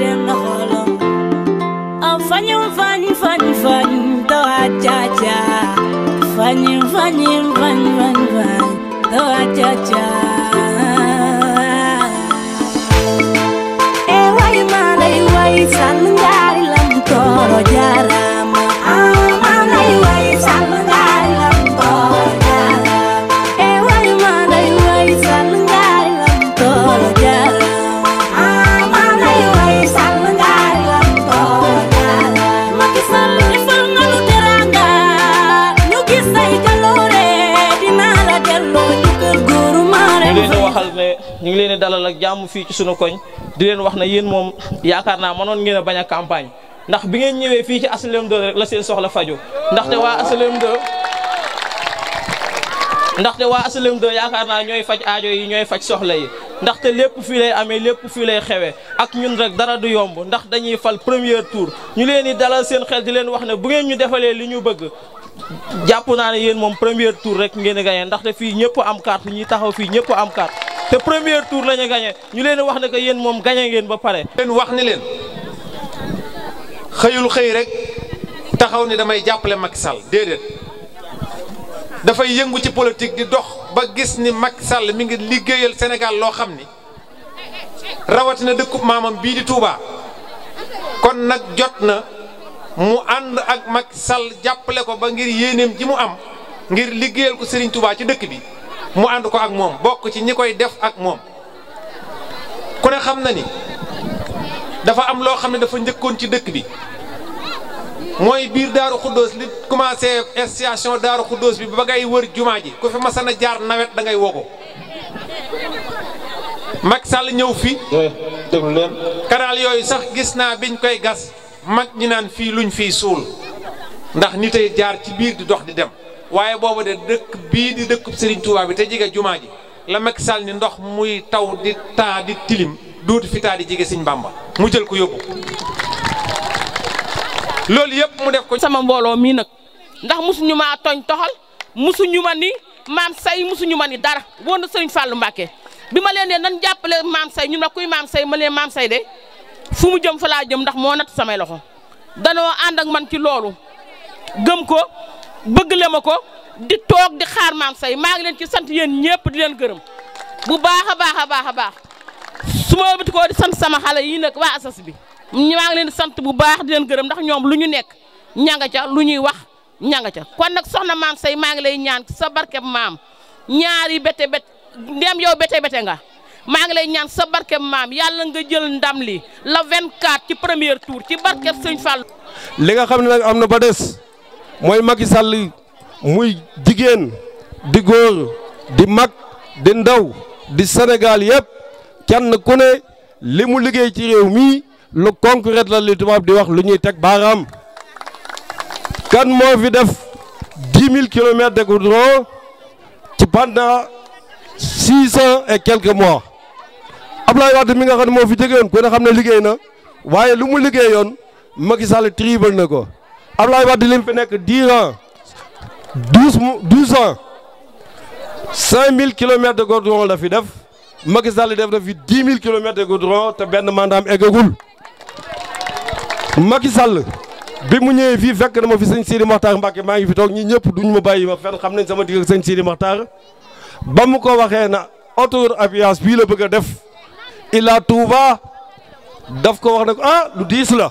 dem na xolom am fani fani fani fani do a cha cha fani fani fani fani fani do a cha cha ñu ngi leen di dalal ak jàmm fii ci sunu koñ di leen wax na yéen moom yaakaar naa mënoon ngeen a bañ a campagne ndax bi ngeen ñëwee fii ci HLM 2 la seen soxla faju ndaxte waa HLM 2 ndaxte waa HLM 2 yaakaar naa ñooy faj aajo yi ñooy faj soxla yi ndaxte lépp fii lay amee lépp fii lay xewee ak ñun rek dara du yomb ndax dañuy fal premier tour ñu leen di dalal seen xel di leen wax ne bu ngeen ñu defalee li ñu bëgg jàpp naa ne yéen moom premier tour rek ngeen a gagné ndaxte fii ñëpp am carte ñi taxaw fii ñëpp am carte te premier tour lañu ñu ñu leen wax ne ko yéen moom gagné ngeen ba pare. leen wax ni leen xëyul xëy rek taxaw ni damay jàppale mag sal déedéet dafay yëngu ci politique di dox ba gis ni mag Sall mi ngi liggéeyal senegal loo xam ni rawatina dëkkub maamam bii di Touba kon nag jot na mu ànd ak mag Sall jàppale ko ba ngir yéeneem ji mu am ngir liggéeyal ko Serigne Touba ci dëkk bi. mu ànd ko ak moom bokk ci ñi koy def ak moom ku ne xam na ni dafa am loo xam ne dafa njëkkoon ci dëkk bi mooy biir Daaru Xuddoos li commencé station Daaru Xuddoos bi ba ngay wër jumaa ji ku fi mas a jaar nawet dangay ngay mag ko ñëw fi eh, leen kanaal yooyu sax gis naa biñ koy gas mag ñi naan fii luñ fiy suul ndax nitay jaar ci biir di dox di dem waaye boobu de dëkk bii di dëkkub Serigne Touba bi te jege jumaa ji la Macky Sall ni ndox muy taw di taa di tilim duutu fi taa di jege Serigne Bamba mu jël ko yóbbu loolu yëpp mu def ko. sama mbooloo mii nag ndax mosuñu ma tooñ toxal mosuñu ma ni maam say mosuñu ma ni dara woon na Serigne Fallou Mbacké bi ma leen ne nan jàppale maam say ñun ma kuy maam say ma leen maam say de fu mu jëm fa laa jëm ndax moo natt samay loxo danoo ànd man ci loolu gëm ko. bëgg le ma ko di toog di xaar maam say maa ngi leen ci sant yéen ñëpp di leen gërëm bu baax a baax a baax a baax su ma ëbbati koo di sant sama xale yi nag waa asas bi maa ngi leen di sant bu baax di leen gërëm ndax ñoom lu ñu nekk ñanga ca lu ñuy wax ñanga ca kon nag soxna maam say maa ngi lay ñaan sa barkeb maam ñaari bete bet ndem yow bete bete nga maa ngi lay ñaan sa barkeb maam yàlla nga jël ndam li la 24 ci premier tour ci barkeb sëñ fal li nga xam ne nag am na ba des. mooy Macky Sall muy jigéen di góor di mag di ndaw di Sénégal yëpp kenn ku ne li mu liggéey ci réew mii lu concret la li tubaab di wax lu ñuy teg baaraam kan moo fi def dix mille kilomètres de goudron ci pendant e cent et quelques mois Abdoulaye Wade mi nga xam ne moo fi jógewoon ku ne xam ne liggéey na waaye lu mu liggéeyoon Macky Sall tribal na ko Ablaye Wade lim fi nekk 10 ans 12 12 ans 5000 km de goudron la fi def Macky Sall def na fi 10 000 kilomètres de goudron te benn mandaam eggagul Macky Sall bi mu ñëwee fii fekk na ma fi sëñ Sidi Mokhtar Mbacke maa ngi fi toog ñi ñëpp duñ ma bàyyi ma fenn xam nañ sama digg ak sëñ Sidi Mokhtar ba mu ko waxee na autour aviance bii la bëgg a def Ila Touba daf ko wax ne ko ah lu diis la.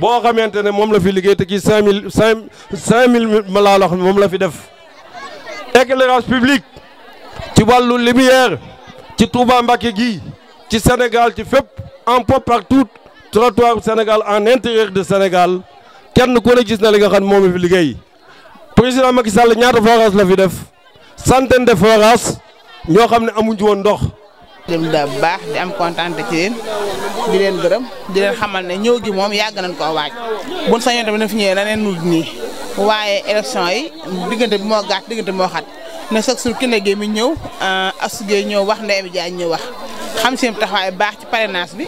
boo xamante ne moom la fi liggéey te ci cinq mille cinq cinq mille la fi def éclairage public ci wàllu lumière ci Touba Mbacké gi ci Sénégal ci fais en peu partout trottoir Sénégal en intérieur de Sénégal kenn ku ne gis na li nga xam moom fi liggéey président Macky Sall a forage la fi def centaine de forage ñoo xam ne amuñu woon ndox dem da bu baax di am kontaan leen di leen gërëm di leen xamal ne ñëw gi moom yàgg nañ ko koo waaj buñ sañoon tamit na fi ñëwee na leen nul nii waaye élection yi diggante bi moo gàtt diggante bi moo xat ne sax sur ki léegi mi ñëw euh, Astou Gueye ñëw wax mi Diagne ñëw wax xam seen taxawaay baax ci parrainage bi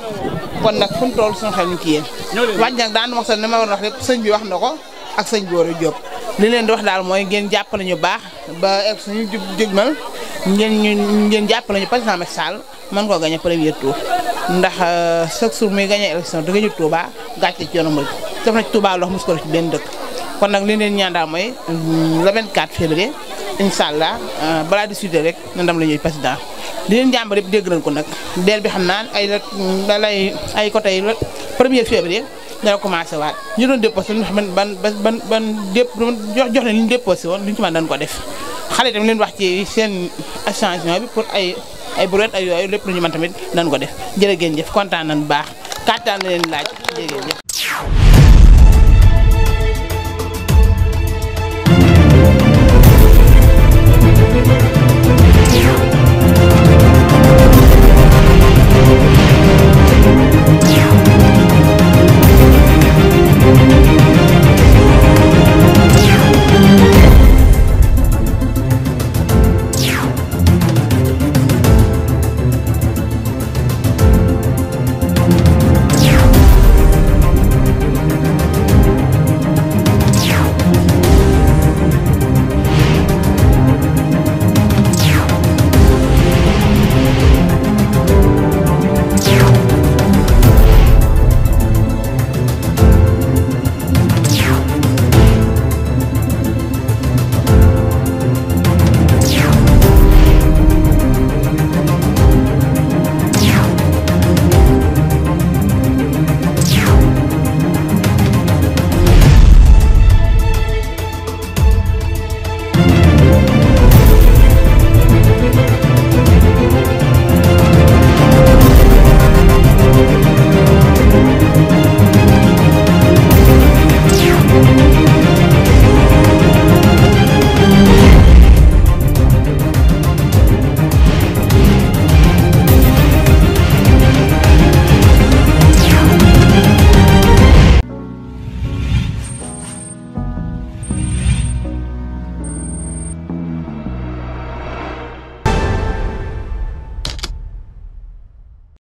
kon nag fu mu toll suñu xel ñu ci yéen waaj nag daan wax sax ne ma war a wax lépp sëñ bi wax na ko ak sëñ Gora Diop li leen di wax daal mooy ngeen jàpp nañu baax ba egg suñu jub jëgmal ngeen ñu ngeen jàppale ñu président Macky Sall mën koo gagné premier tour ndax euh, chaque jour muy gagné élection da gagné Touba gàcce ci yoonu Mouride def na ci Touba loo xam ko def ci benn dëkk kon nag li leen ñaan daal mooy euh, le 24 février incha allah euh, balaa di sudee rek na ndam la ñuy président li leen jàmbar yëpp dégg nañ ko nag deel bi xam naa ay la lay ay côté yi premier février dana commencé waat ñu doon déposé ban ban ban ban dépp jox jox ne li ñu déposé woon li ñu ci mën dañ ko def xale itam leen wax ci seen changement bi pour ay ay brouette ay yooyu lépp lu ñu mën tamit nañ ko def jërë ngeen jëf kontaan nañ baax kàttan na leen laaj jërë ngeen